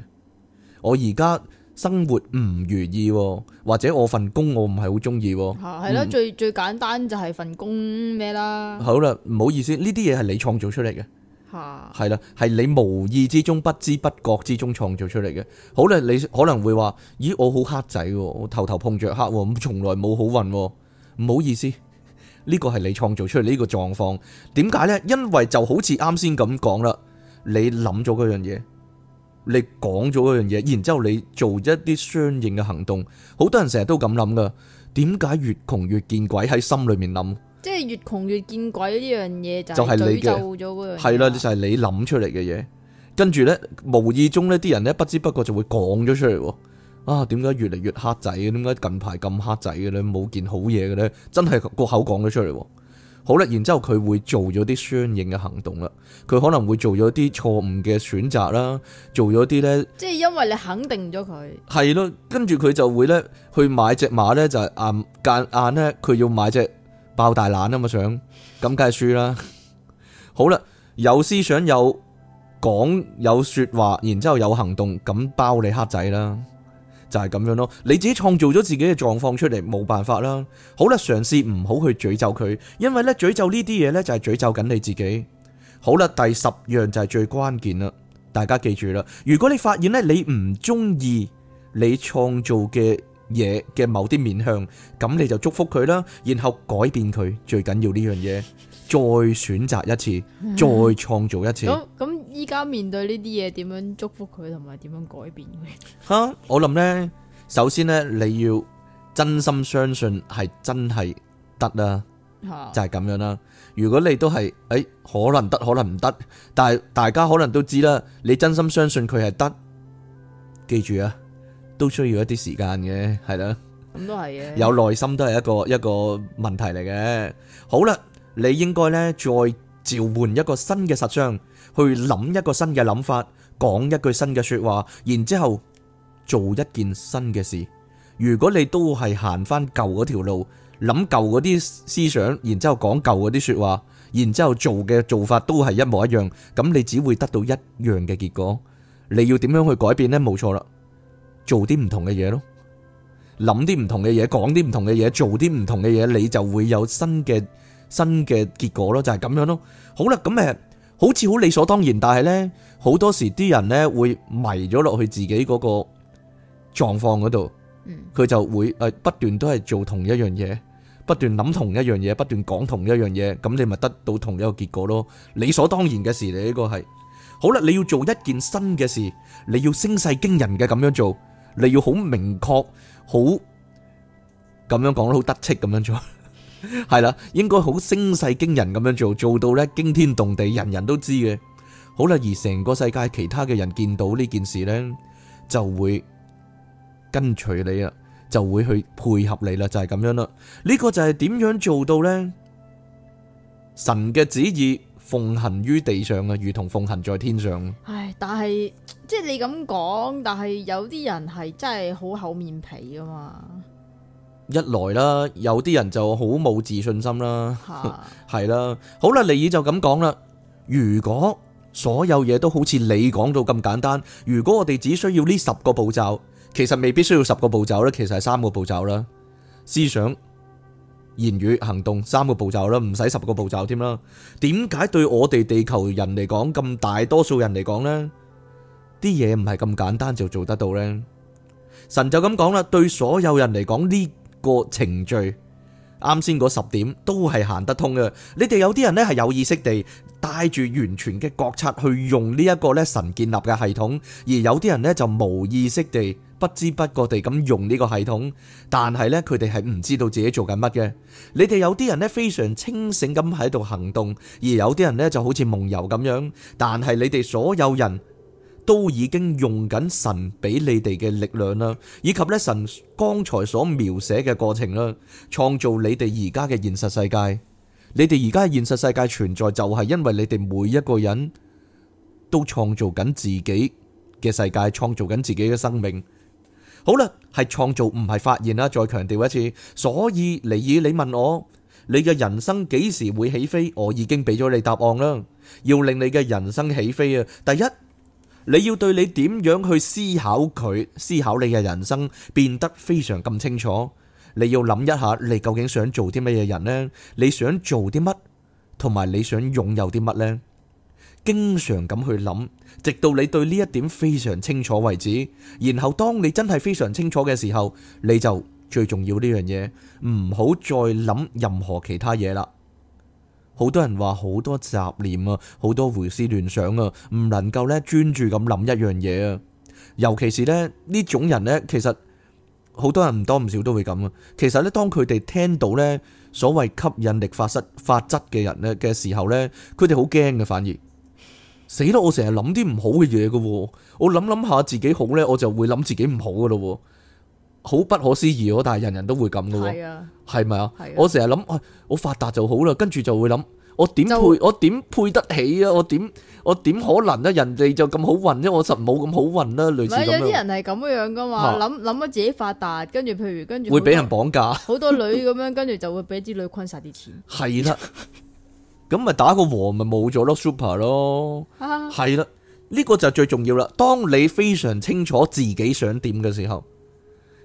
我而家生活唔如意喎，或者我份工我唔係好中意。吓、啊，係咯，嗯、最最簡單就係份工咩啦？好啦，唔好意思，呢啲嘢係你創造出嚟嘅。係啦，係你無意之中、不知不覺之中創造出嚟嘅。好啦，你可能會話：，咦，我好黑仔，我頭頭碰着黑，咁從來冇好運。唔好意思，呢個係你創造出嚟呢個狀況。點解呢？因為就好似啱先咁講啦，你諗咗嗰樣嘢，你講咗嗰樣嘢，然之後你做一啲相應嘅行動。好多人成日都咁諗噶。點解越窮越見鬼喺心裏面諗？即係越窮越見鬼呢樣嘢就係你做咗嗰樣，係啦，就係、是、你諗出嚟嘅嘢，跟住咧無意中呢啲人咧不知不覺就會講咗出嚟喎。啊，點解越嚟越黑仔嘅？點解近排咁黑仔嘅咧？冇件好嘢嘅咧，真係個口講咗出嚟。好咧，然之後佢會做咗啲相應嘅行動啦。佢可能會做咗啲錯誤嘅選擇啦，做咗啲咧。即係因為你肯定咗佢係咯，跟住佢就會咧去買隻馬咧，就係硬硬眼咧，佢要買隻。爆大懶，啊！嘛想咁梗係輸啦。 好啦，有思想有講有說話，然之後有行動，咁包你黑仔啦。就係、是、咁樣咯。你自己創造咗自己嘅狀況出嚟，冇辦法啦。好啦，嘗試唔好去詛咒佢，因為咧詛咒呢啲嘢咧就係詛咒緊你自己。好啦，第十樣就係最關鍵啦。大家記住啦，如果你發現咧你唔中意你創造嘅嘢嘅某啲面向，咁你就祝福佢啦，然後改變佢，最緊要呢樣嘢，再選擇一次，再創造一次。咁咁依家面對呢啲嘢，點樣祝福佢同埋點樣改變佢？吓，我諗呢，首先呢，你要真心相信係真係得啦，就係咁樣啦。如果你都係誒可能得可能唔得，但係大家可能都知啦，你真心相信佢係得，記住啊！都需要一啲時間嘅，係啦，咁都係嘅，有耐心都係一個一個問題嚟嘅。好啦，你應該呢再召喚一個新嘅實相，去諗一個新嘅諗法，講一句新嘅說話，然之後做一件新嘅事。如果你都係行翻舊嗰條路，諗舊嗰啲思想，然之後講舊嗰啲說話，然之後做嘅做法都係一模一樣，咁你只會得到一樣嘅結果。你要點樣去改變呢？冇錯啦。做啲唔同嘅嘢咯諗啲唔同嘅嘢，講啲唔同嘅嘢，做啲唔同嘅嘢，你就會有新嘅新嘅結果咯，就係咁樣咯。好啦，咁誒，好似好理所當然，但係呢，好多時啲人呢會迷咗落去自己嗰個狀況嗰度，佢就會誒不斷都係做同一樣嘢，不斷諗同一樣嘢，不斷講同一樣嘢，咁你咪得到同一個結果咯。理所當然嘅事，你呢個係好啦，你要做一件新嘅事，你要聲勢驚人嘅咁樣做。你要好明確，好咁樣講得好得戚咁樣做，係 啦，應該好聲勢驚人咁樣做，做到咧驚天動地，人人都知嘅，好啦，而成個世界其他嘅人見到呢件事咧，就會跟隨你啦，就會去配合你啦，就係咁樣啦，呢個就係點樣做到咧？神嘅旨意奉行於地上啊，如同奉行在天上。唉，但係。即係你咁講，但係有啲人係真係好厚面皮噶嘛。一來啦，有啲人就好冇自信心啦，係啦、啊。 好啦，尼爾就咁講啦。如果所有嘢都好似你講到咁簡單，如果我哋只需要呢十個步驟，其實未必需要十個步驟啦。其實係三個步驟啦。思想、言語、行動三個步驟啦，唔使十個步驟添啦。點解對我哋地球人嚟講，咁大多數人嚟講呢？啲嘢唔係咁簡單就做得到呢？神就咁講啦。對所有人嚟講，呢個程序啱先嗰十點都係行得通嘅。你哋有啲人呢係有意識地帶住完全嘅覺察去用呢一個呢神建立嘅系統，而有啲人呢就無意識地不知不覺地咁用呢個系統，但係呢佢哋係唔知道自己做緊乜嘅。你哋有啲人呢非常清醒咁喺度行動，而有啲人呢就好似夢遊咁樣。但係你哋所有人。都已經用緊神俾你哋嘅力量啦，以及咧，神剛才所描寫嘅過程啦，創造你哋而家嘅現實世界。你哋而家嘅現實世界存在，就係因為你哋每一個人都創造緊自己嘅世界，創造緊自己嘅生命。好啦，係創造唔係發現啦。再強調一次，所以尼爾，你問我你嘅人生幾時會起飛，我已經俾咗你答案啦。要令你嘅人生起飛啊，第一，你要對你點樣去思考佢，思考你嘅人生變得非常咁清楚。你要諗一下，你究竟想做啲乜嘢人呢？你想做啲乜？同埋你想擁有啲乜呢？經常咁去諗，直到你對呢一點非常清楚為止。然後當你真係非常清楚嘅時候，你就最重要呢樣嘢，唔好再諗任何其他嘢啦。好多人話好多雜念啊，好多胡思亂想啊，唔能夠咧專注咁諗一樣嘢啊。尤其是咧呢種人咧，其實好多人唔多唔少都會咁啊。其實咧，當佢哋聽到咧所謂吸引力法則法則嘅人咧嘅時候咧，佢哋好驚嘅。反而死啦！我成日諗啲唔好嘅嘢噶，我諗諗下自己好咧，我就會諗自己唔好噶咯，啊。好不可思議哦，但係人人都會咁㗎喎，係咪啊？我成日諗，我發達就好啦，跟住就會諗，我點配我點配得起啊？我點我點可能啊？人哋就咁好運啫，我實冇咁好運啦。類似咁樣，有啲人係咁樣樣噶嘛，諗諗咗自己發達，跟住譬如跟住會俾人綁架，好多女咁樣，跟住就會俾啲女坤晒啲錢。係啦，咁咪打個和咪冇咗咯，super 咯，係啦，呢個就最重要啦。當你非常清楚自己想點嘅時候，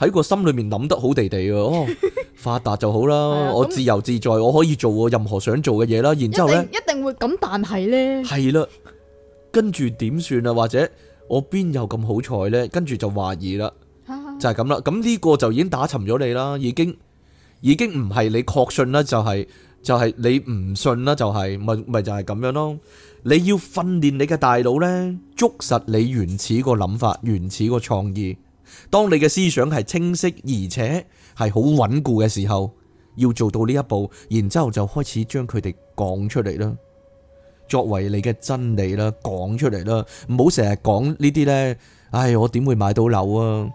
喺個心裏面諗得好地地哦，發達就好啦， 的我自由自在，我可以做我任何想做嘅嘢啦。然之後呢，一定會咁，但係呢，係啦，跟住點算啊？或者我邊有咁好彩呢？跟住就懷疑啦， 就係咁啦。咁、這、呢個就已經打沉咗你啦，已經，已經唔係你確信啦，就係、是，就係、是、你唔信啦，就係、是，咪咪就係、是、咁、就是、樣咯。你要訓練你嘅大腦呢，捉實你原始個諗法，原始個創意。當你嘅思想係清晰而且係好穩固嘅時候，要做到呢一步，然之後就開始將佢哋講出嚟啦，作為你嘅真理啦，講出嚟啦，唔好成日講呢啲咧。唉，我點會買到樓啊？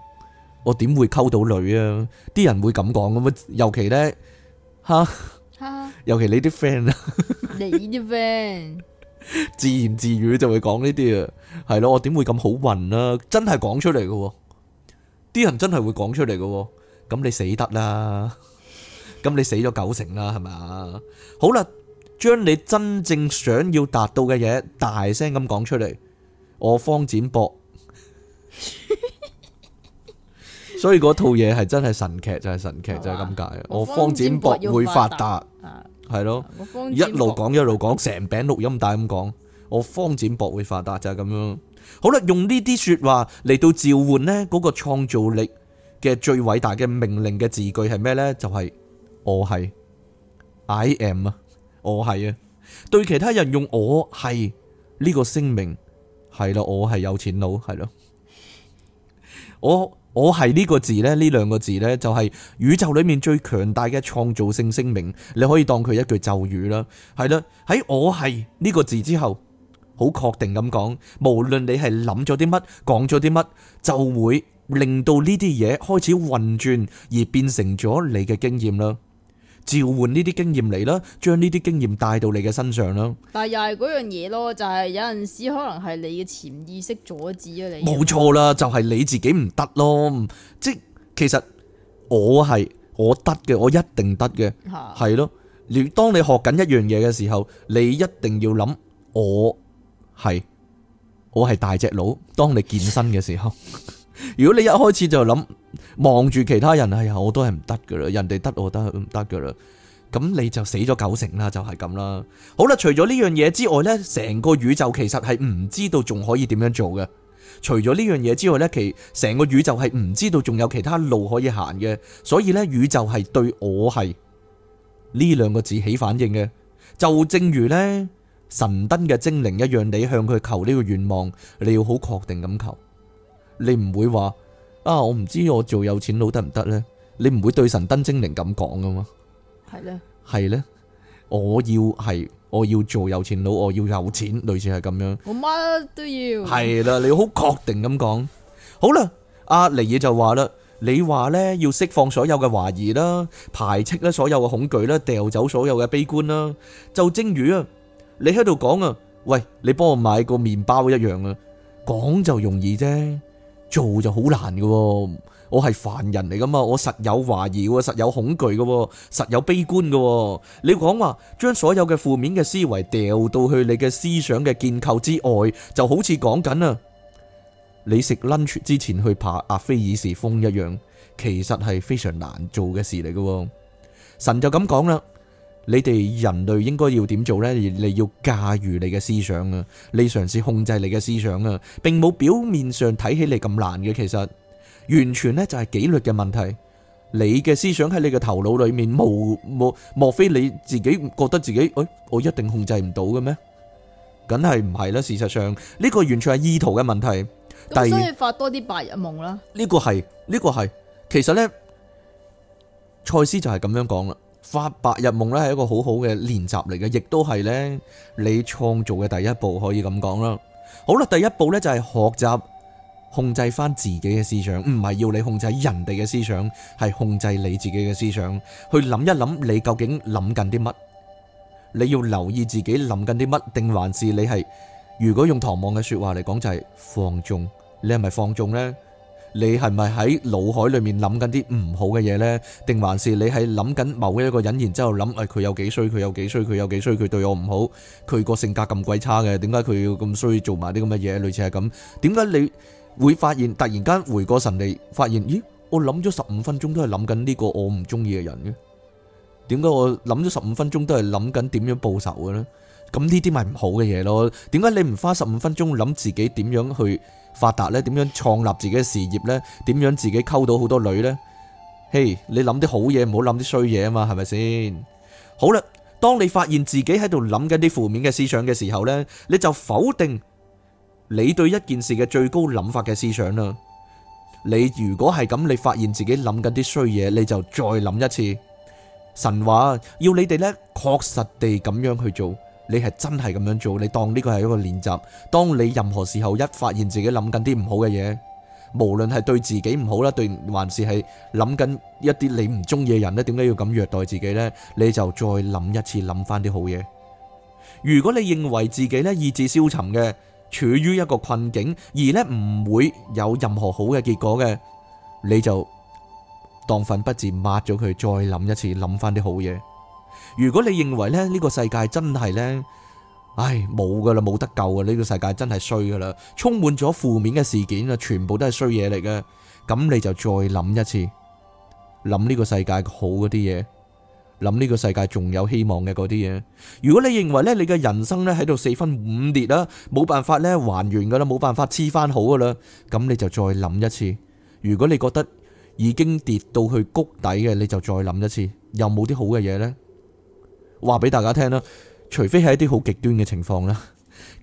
我點會溝到女啊？啲人會咁講噶嘛？尤其咧，吓，尤其你啲 friend 啦，你啲 friend 自言自語就會講呢啲啊，係咯，我點會咁好運啊？真係講出嚟噶喎！啲人真係會講出嚟嘅，咁你死得啦，咁你死咗九成啦，係咪？好啦，將你真正想要達到嘅嘢大聲咁講出嚟，我方展博， 所以嗰套嘢係真係神劇，就係神劇，就係咁解。我方展博會發達，係咯，一路講一路講，成餅錄音帶咁講，我方展博會發達就係咁樣。好啦，用呢啲說話嚟到召喚呢嗰個創造力嘅最偉大嘅命令嘅字句係咩呢？就係、是、我係 I am 啊，我係啊，對其他人用我係呢個聲明係咯，我係有錢佬係咯，我我係呢個字呢，呢兩個字呢，就係宇宙裏面最強大嘅創造性聲明，你可以當佢一句咒語啦，係啦喺我係呢個字之後。好確定咁講，無論你係諗咗啲乜，講咗啲乜，就會令到呢啲嘢開始運轉，而變成咗你嘅經驗啦。召喚呢啲經驗嚟啦，將呢啲經驗帶到你嘅身上啦。但係又係嗰樣嘢咯，就係有陣時可能係你嘅潛意識阻止咗你。冇錯啦，就係你自己唔得咯。即係其實我係我得嘅，我一定得嘅，係咯。你當你學緊一樣嘢嘅時候，你一定要諗我。係，我係大隻佬。當你健身嘅時候， 如果你一開始就諗望住其他人，哎呀，我都係唔得噶啦，人哋得我得唔得噶啦，咁你就死咗九成啦，就係咁啦。好啦，除咗呢樣嘢之外呢，成個宇宙其實係唔知道仲可以點樣做嘅。除咗呢樣嘢之外呢，其成個宇宙係唔知道仲有其他路可以行嘅。所以呢，宇宙係對我係呢兩個字起反應嘅。就正如呢。神燈嘅精靈一樣，你向佢求呢個願望，你要好確定咁求，你唔會話啊我唔知我做有錢佬得唔得呢？你唔會對神燈精靈咁講噶嘛？係咧的，係咧，我要係我要做有錢佬，我要有錢，類似係咁樣。我乜都要。係啦，你要好確定咁講。好啦，阿、啊、尼爾就話啦，你話呢，要釋放所有嘅懷疑啦，排斥咧所有嘅恐懼啦，掉走所有嘅悲觀啦，就正如啊。你喺度講啊，喂，你幫我買個麵包一樣啊，講就容易啫，做就好難嘅。我係凡人嚟噶嘛，我實有懷疑啊，實有恐懼嘅，實有悲觀嘅。你講話將所有嘅負面嘅思維掉到去你嘅思想嘅建構之外，就好似講緊啊，你食 lunch 之前去爬阿非爾士峰一樣，其實係非常難做嘅事嚟嘅。神就咁講啦。你哋人類應該要點做呢？你要駕馭你嘅思想啊，你嘗試控制你嘅思想啊，並冇表面上睇起嚟咁難嘅，其實完全呢，就係紀律嘅問題。你嘅思想喺你嘅頭腦裏面，無莫莫，莫，莫非你自己覺得自己，哎，我一定控制唔到嘅咩？梗係唔係啦。事實上呢個完全係意圖嘅問題。咁但係需要發多啲白日夢啦。呢個係呢個係，其實呢，賽斯就係咁樣講啦。發白日夢咧，係一個好好嘅練習嚟嘅，亦都係咧你創造嘅第一步，可以咁講啦。好啦，第一步呢就係學習控制翻自己嘅思想，唔係要你控制人哋嘅思想，係控制你自己嘅思想，去諗一諗你究竟諗緊啲乜，你要留意自己諗緊啲乜，定還是你係，如果用唐望嘅說話嚟講，就係放縱，你係咪放縱呢？你係咪喺腦海裏面諗緊啲唔好嘅嘢呢？定還是你喺諗緊某一個人，然之後諗誒佢有幾衰，佢有幾衰，佢有幾衰，佢對我唔好，佢個性格咁鬼差嘅，點解佢要咁衰做埋啲咁嘅嘢？類似係咁。點解你會發現突然間回過神嚟，發現咦？我諗咗十五分鐘都係諗緊呢個我唔中意嘅人嘅點解？我諗咗十五分鐘都係諗緊點樣報仇嘅呢？咁呢啲咪唔好嘅嘢咯？點解你唔花十五分鐘諗自己點樣去發達呢？點樣創立自己嘅事業呢？點樣自己溝到好多女呢？嘿，你諗啲好嘢，唔好諗啲衰嘢啊嘛？係咪先？好啦，當你發現自己喺度諗緊啲負面嘅思想嘅時候呢，你就否定你對一件事嘅最高諗法嘅思想啦。你如果係咁，你發現自己諗緊啲衰嘢，你就再諗一次。神話要你哋呢，確實地咁樣去做。你係真係咁樣做，你當呢個係一個練習。當你任何時候一發現自己諗緊啲唔好嘅嘢，無論係對自己唔好啦，對還是係諗緊一啲你唔中意嘅人咧，點解要咁虐待自己呢？你就再諗一次，諗翻啲好嘢。如果你認為自己咧意志消沉嘅，處於一個困境，而呢唔會有任何好嘅結果嘅，你就當份不自抹咗佢，再諗一次，諗翻啲好嘢。如果你認為咧呢個世界真係咧，唉，冇噶啦，冇得救啊！呢個世界真係衰噶啦，充滿咗負面嘅事件啊，全部都係衰嘢嚟嘅。咁你就再諗一次，諗呢個世界好嗰啲嘢，諗呢個世界仲有希望嘅嗰啲嘢。如果你認為咧你嘅人生咧喺度四分五裂啦，冇辦法咧還原噶啦，冇辦法黐翻好噶啦，咁你就再諗一次。如果你覺得已經跌到去谷底嘅，你就再諗一次，有冇啲好嘅嘢咧？話俾大家聽啦，除非係一啲好極端嘅情況啦。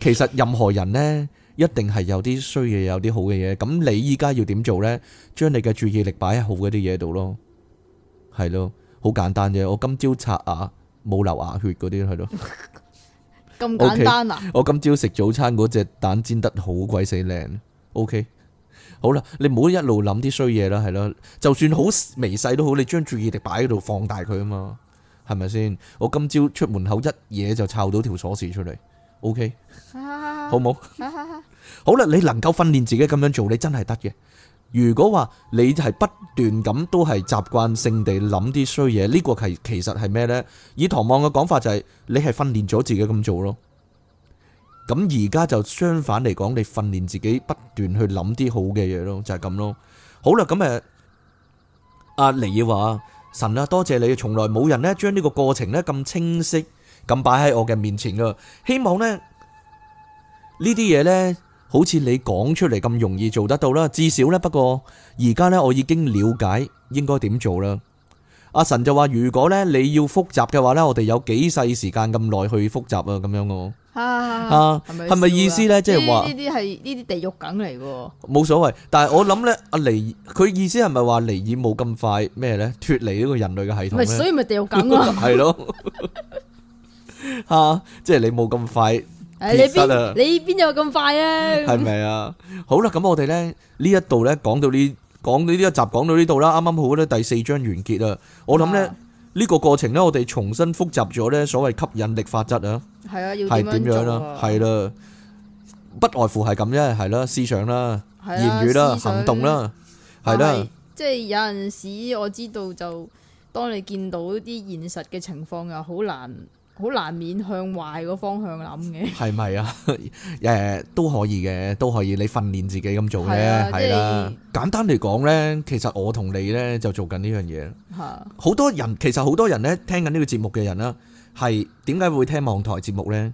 其實任何人呢，一定係有啲衰嘢，有啲好嘅嘢。咁你依家要點做呢？將你嘅注意力擺喺好嗰啲嘢度咯，係咯，好簡單啫。我今朝刷牙冇流牙血嗰啲係咯，咁 簡單啊！Okay，我今朝食早餐嗰隻蛋煎得好鬼死靚。OK，好啦，你唔好一路諗啲衰嘢啦，係咯，就算好微細都好，你將注意力擺喺度放大佢啊嘛。係咪先？我今朝出門口，一嘢就抄到條鎖匙出嚟，OK，好冇？ 好啦，你能夠訓練自己咁樣做，你真係得嘅。如果話你係不斷咁都係習慣性地諗啲衰嘢，呢、呢個係其實係咩呢？以唐望嘅講法就係、係、你係訓練咗自己咁做咯。咁而家就相反嚟講，你訓練自己不斷去諗啲好嘅嘢咯，就係咁咯。好啦，咁誒，阿李嘅話。神啊，多謝你，從來冇人呢將呢個過程呢咁清晰咁擺喺我嘅面前噶。希望呢呢啲嘢呢，好似你講出嚟咁容易做得到啦。至少呢，不過而家呢，我已經了解應該點做啦。阿神就話，如果呢，你要復習嘅話呢，我哋有幾世時間咁耐去復習啊？咁樣我。啊，係咪意思咧？即係話，呢啲係呢啲地獄梗嚟嘅。冇所謂，但係我諗咧，阿尼佢意思係咪話尼爾冇咁快咩咧？脫離呢個人類嘅系統咧，所以咪地獄梗啊！係咯，吓，即係你冇咁快，你邊你邊有咁快啊？係咪啊？好啦，咁我哋咧呢一度咧，講到呢講到呢一集講到呢度啦，啱啱好咧第四章完結啦。我諗咧。呢個過程咧，我哋重新複習咗咧所謂吸引力法則啊，係要點樣啦？係啦，不外乎係咁啫，係咯，思想啦，言語啦，行動啦，係啦。即係有陣時，我知道就當你見到啲現實嘅情況又好難。好難面向壞個方向諗嘅，係咪啊？誒，都可以嘅，都可以。你訓練自己咁做咧，係啊。簡單嚟講咧，其實我同你咧就做緊呢樣嘢。係。好多人其實好多人咧聽緊呢個節目嘅人啦，係點解會聽網台節目咧？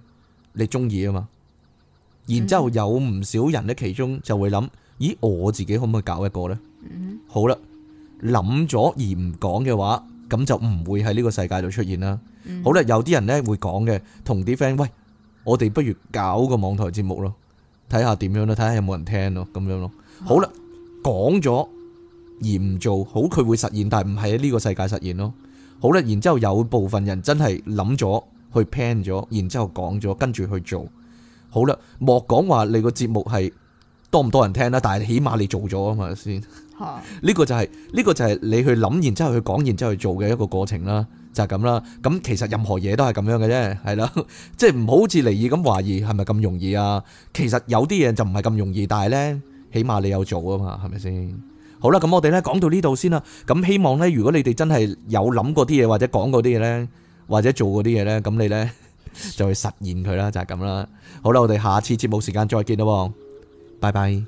你中意啊嘛。然之後有唔少人咧，其中就會諗：咦，我自己可唔可以搞一個咧？好啦，諗咗而唔講嘅話，咁就唔會喺呢個世界度出現啦。好啦，有啲人咧會講嘅，同啲 friend 喂，我哋不如搞個網台節目咯，睇下點樣咯，睇下有冇人聽咯，咁樣咯。好啦，講咗而唔做好，佢會實現，但係唔喺呢個世界實現咯。好啦，然之後有部分人真係諗咗去 plan 咗，然之後講咗，跟住去做。好啦，莫講話你個節目係多唔多人聽啦，但係起碼你做咗啊嘛先。呢 個就係呢個就係你去諗，然之後去講，然之後去做嘅一個過程啦。就咁啦，咁其實任何嘢都係咁樣嘅啫，係啦，即係唔好好似離異咁懷疑係咪咁容易啊？其實有啲嘢就唔係咁容易，但係呢，起碼你有做啊嘛，係咪先？好啦，咁我哋呢講到呢度先啦，咁希望呢，如果你哋真係有諗過啲嘢，或者講過啲嘢呢，或者做過啲嘢呢，咁你呢就去實現佢啦，就係咁啦。好啦，我哋下次節目時間再見啦，拜拜。